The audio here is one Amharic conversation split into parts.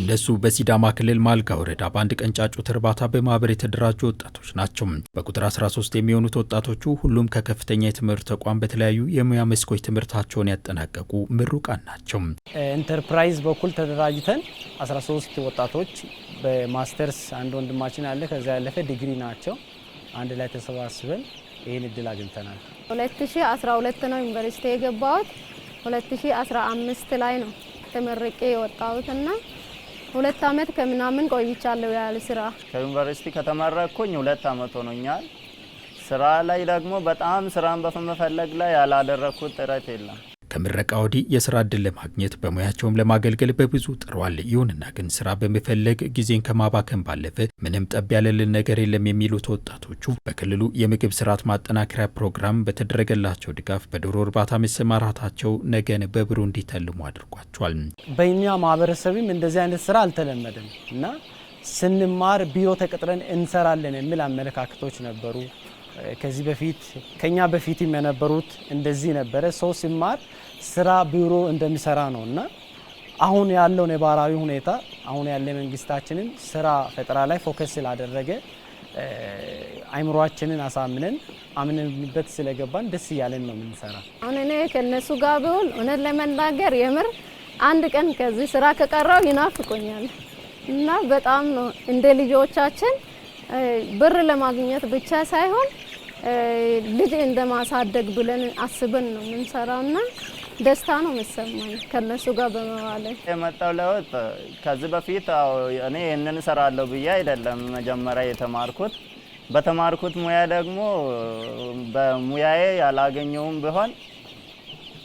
እነሱ በሲዳማ ክልል ማልጋ ወረዳ በአንድ ቀን ጫጩት እርባታ በማህበር የተደራጁ ወጣቶች ናቸው። በቁጥር 13 የሚሆኑት ወጣቶቹ ሁሉም ከከፍተኛ የትምህርት ተቋም በተለያዩ የሙያ መስኮች ትምህርታቸውን ያጠናቀቁ ምሩቃን ናቸው። ኢንተርፕራይዝ በኩል ተደራጅተን 13 ወጣቶች በማስተርስ አንድ ወንድማችን አለ። ከዛ ያለፈ ዲግሪ ናቸው። አንድ ላይ ተሰባስበን ይህን እድል አግኝተናል። 2012 ነው ዩኒቨርሲቲ የገባሁት። 2015 ላይ ነው ተመረቄ እና ሁለት አመት ከምናምን ቆይቻለሁ ያለ ስራ ከዩኒቨርሲቲ ከተመረኩኝ ሁለት አመት ሆኖኛል። ስራ ላይ ደግሞ በጣም ስራን በመፈለግ ላይ ያላደረኩት ጥረት የለም። ከምረቃ ወዲህ የስራ እድል ለማግኘት በሙያቸውም ለማገልገል በብዙ ጥረዋል። ይሁንና ግን ስራ በመፈለግ ጊዜን ከማባከን ባለፈ ምንም ጠብ ያለልን ነገር የለም የሚሉት ወጣቶቹ በክልሉ የምግብ ስርዓት ማጠናከሪያ ፕሮግራም በተደረገላቸው ድጋፍ በዶሮ እርባታ መሰማራታቸው ነገን በብሩ እንዲተልሙ አድርጓቸዋል። በኛ ማህበረሰብም እንደዚህ አይነት ስራ አልተለመደም እና ስንማር ቢሮ ተቀጥረን እንሰራለን የሚል አመለካከቶች ነበሩ። ከዚህ በፊት ከኛ በፊትም የነበሩት እንደዚህ ነበረ። ሰው ሲማር ስራ ቢሮ እንደሚሰራ ነው እና አሁን ያለው ነባራዊ ሁኔታ አሁን ያለ መንግስታችንን ስራ ፈጠራ ላይ ፎከስ ስላደረገ አይምሯችንን አሳምነን አምነንበት ስለገባን ደስ እያለን ነው የምንሰራ። አሁን እኔ ከነሱ ጋር ብውል እውነት ለመናገር የምር አንድ ቀን ከዚህ ስራ ከቀረው ይናፍቆኛል እና በጣም ነው እንደ ልጆቻችን ብር ለማግኘት ብቻ ሳይሆን ልጅ እንደማሳደግ ብለን አስበን ነው የምንሰራው እና ደስታ ነው የሚሰማኝ ከነሱ ጋር በመዋለ የመጣው ለውጥ። ከዚህ በፊት እኔ ይህንን እሰራለሁ ብዬ አይደለም መጀመሪያ የተማርኩት። በተማርኩት ሙያ ደግሞ በሙያዬ ያላገኘውም ቢሆን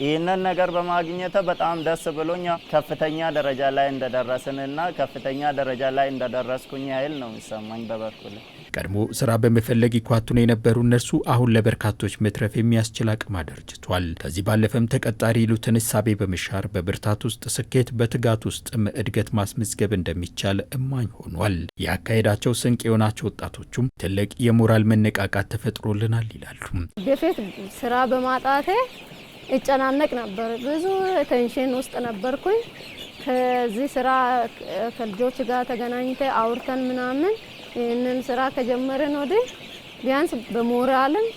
ይህንን ነገር በማግኘት በጣም ደስ ብሎኛ ከፍተኛ ደረጃ ላይ እንደደረስንና ከፍተኛ ደረጃ ላይ እንደደረስኩኝ ያህል ነው የሚሰማኝ በበኩል። ቀድሞ ስራ በመፈለግ ይኳቱን የነበሩ እነርሱ አሁን ለበርካቶች መትረፍ የሚያስችል አቅም አደርጅቷል። ከዚህ ባለፈም ተቀጣሪ ይሉትን እሳቤ በመሻር በብርታት ውስጥ ስኬት፣ በትጋት ውስጥም እድገት ማስመዝገብ እንደሚቻል እማኝ ሆኗል። ያካሄዳቸው ስንቅ የሆናቸው ወጣቶቹም ትልቅ የሞራል መነቃቃት ተፈጥሮልናል ይላሉ። በፊት ስራ በማጣቴ እጨናነቅ ነበር። ብዙ ቴንሽን ውስጥ ነበርኩኝ። ከዚህ ስራ ከልጆች ጋር ተገናኝተ አውርተን ምናምን ይህንን ስራ ከጀመርን ወዲህ ቢያንስ በሞራልም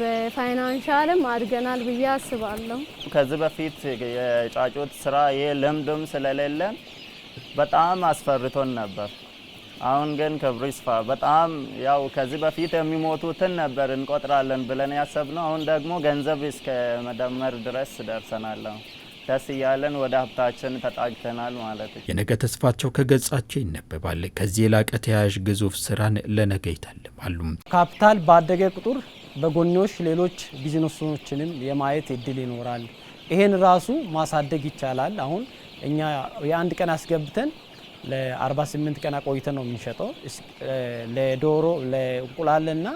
በፋይናንሻልም አድገናል ብዬ አስባለሁ። ከዚህ በፊት የጫጩት ስራ ይህ ልምዱም ስለሌለን በጣም አስፈርቶን ነበር። አሁን ግን ክብሩ ይስፋ። በጣም ያው ከዚህ በፊት የሚሞቱትን ነበር እንቆጥራለን ብለን ያሰብነው፣ አሁን ደግሞ ገንዘብ እስከ መደመር ድረስ ደርሰናለሁ። ደስ እያለን ወደ ሀብታችን ተጣግተናል ማለት ነው። የነገ ተስፋቸው ከገጻቸው ይነበባል። ከዚህ የላቀ ተያያዥ ግዙፍ ስራን ለነገ ይታልማሉ። ካፒታል ባደገ ቁጥር በጎኞች ሌሎች ቢዝነሶችንም የማየት እድል ይኖራል። ይሄን ራሱ ማሳደግ ይቻላል። አሁን እኛ የአንድ ቀን አስገብተን ለ48 ቀን አቆይተን ነው የምንሸጠው። ለዶሮ ለእንቁላልና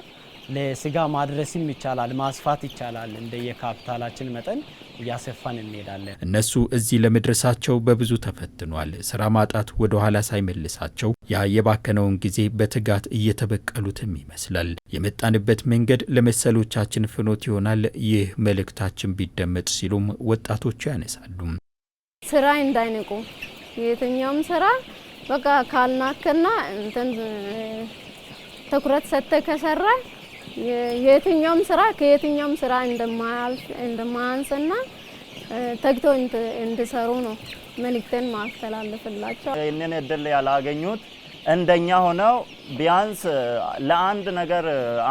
ለስጋ ማድረስም ይቻላል፣ ማስፋት ይቻላል። እንደ የካፒታላችን መጠን እያሰፋን እንሄዳለን። እነሱ እዚህ ለመድረሳቸው በብዙ ተፈትኗል። ስራ ማጣት ወደ ኋላ ሳይመልሳቸው ያ የባከነውን ጊዜ በትጋት እየተበቀሉትም ይመስላል። የመጣንበት መንገድ ለመሰሎቻችን ፍኖት ይሆናል፣ ይህ መልእክታችን ቢደመጥ ሲሉም ወጣቶቹ ያነሳሉ። ስራ እንዳይንቁ የትኛውም ስራ በቃ ካልናከና እንትን ትኩረት ሰጥተ ከሰራ የትኛውም ስራ ከየትኛውም ስራ እንደማያልፍ እንደማያንስና ተግቶ እንዲሰሩ ነው መልእክቴን ማስተላለፍላቸው። ይህንን እድል ያላገኙት እንደኛ ሆነው ቢያንስ ለአንድ ነገር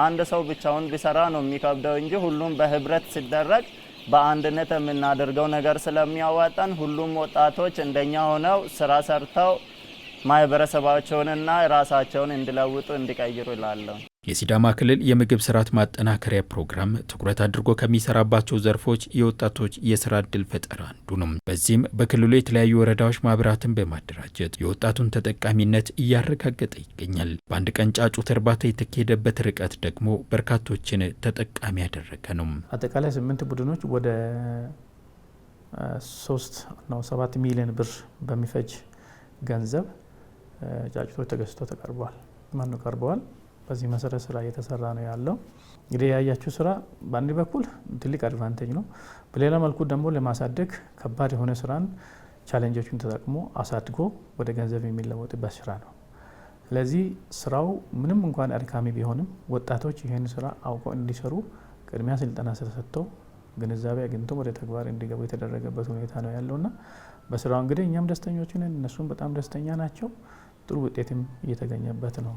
አንድ ሰው ብቻውን ቢሰራ ነው የሚከብደው እንጂ ሁሉም በህብረት ሲደረግ በአንድነት የምናደርገው ነገር ስለሚያዋጣን ሁሉም ወጣቶች እንደኛ ሆነው ስራ ሰርተው ማህበረሰባቸውንና ራሳቸውን እንዲለውጡ እንዲቀይሩ ይላለሁ። የሲዳማ ክልል የምግብ ስርዓት ማጠናከሪያ ፕሮግራም ትኩረት አድርጎ ከሚሰራባቸው ዘርፎች የወጣቶች የስራ እድል ፈጠራ አንዱ ነው። በዚህም በክልሉ የተለያዩ ወረዳዎች ማህበራትን በማደራጀት የወጣቱን ተጠቃሚነት እያረጋገጠ ይገኛል። በአንድ ቀን ጫጩት እርባታ የተካሄደበት ርቀት ደግሞ በርካቶችን ተጠቃሚ ያደረገ ነው። አጠቃላይ ስምንት ቡድኖች ወደ ሶስት ነው ሰባት ሚሊዮን ብር በሚፈጅ ገንዘብ ጫጭቶች ተገስተው ተቀርበዋል። ማነው ቀርበዋል። በዚህ መሰረት ስራ እየተሰራ ነው ያለው። እንግዲህ ያያችሁ ስራ በአንድ በኩል ትልቅ አድቫንቴጅ ነው፣ በሌላ መልኩ ደግሞ ለማሳደግ ከባድ የሆነ ስራን ቻሌንጆችን ተጠቅሞ አሳድጎ ወደ ገንዘብ የሚለወጥበት ስራ ነው። ስለዚህ ስራው ምንም እንኳን አድካሚ ቢሆንም ወጣቶች ይህን ስራ አውቀው እንዲሰሩ ቅድሚያ ስልጠና ስለሰጥተው ግንዛቤ አግኝቶ ወደ ተግባር እንዲገቡ የተደረገበት ሁኔታ ነው ያለውና በስራው እንግዲህ እኛም ደስተኞች ነን፣ እነሱም በጣም ደስተኛ ናቸው። ጥሩ ውጤትም እየተገኘበት ነው።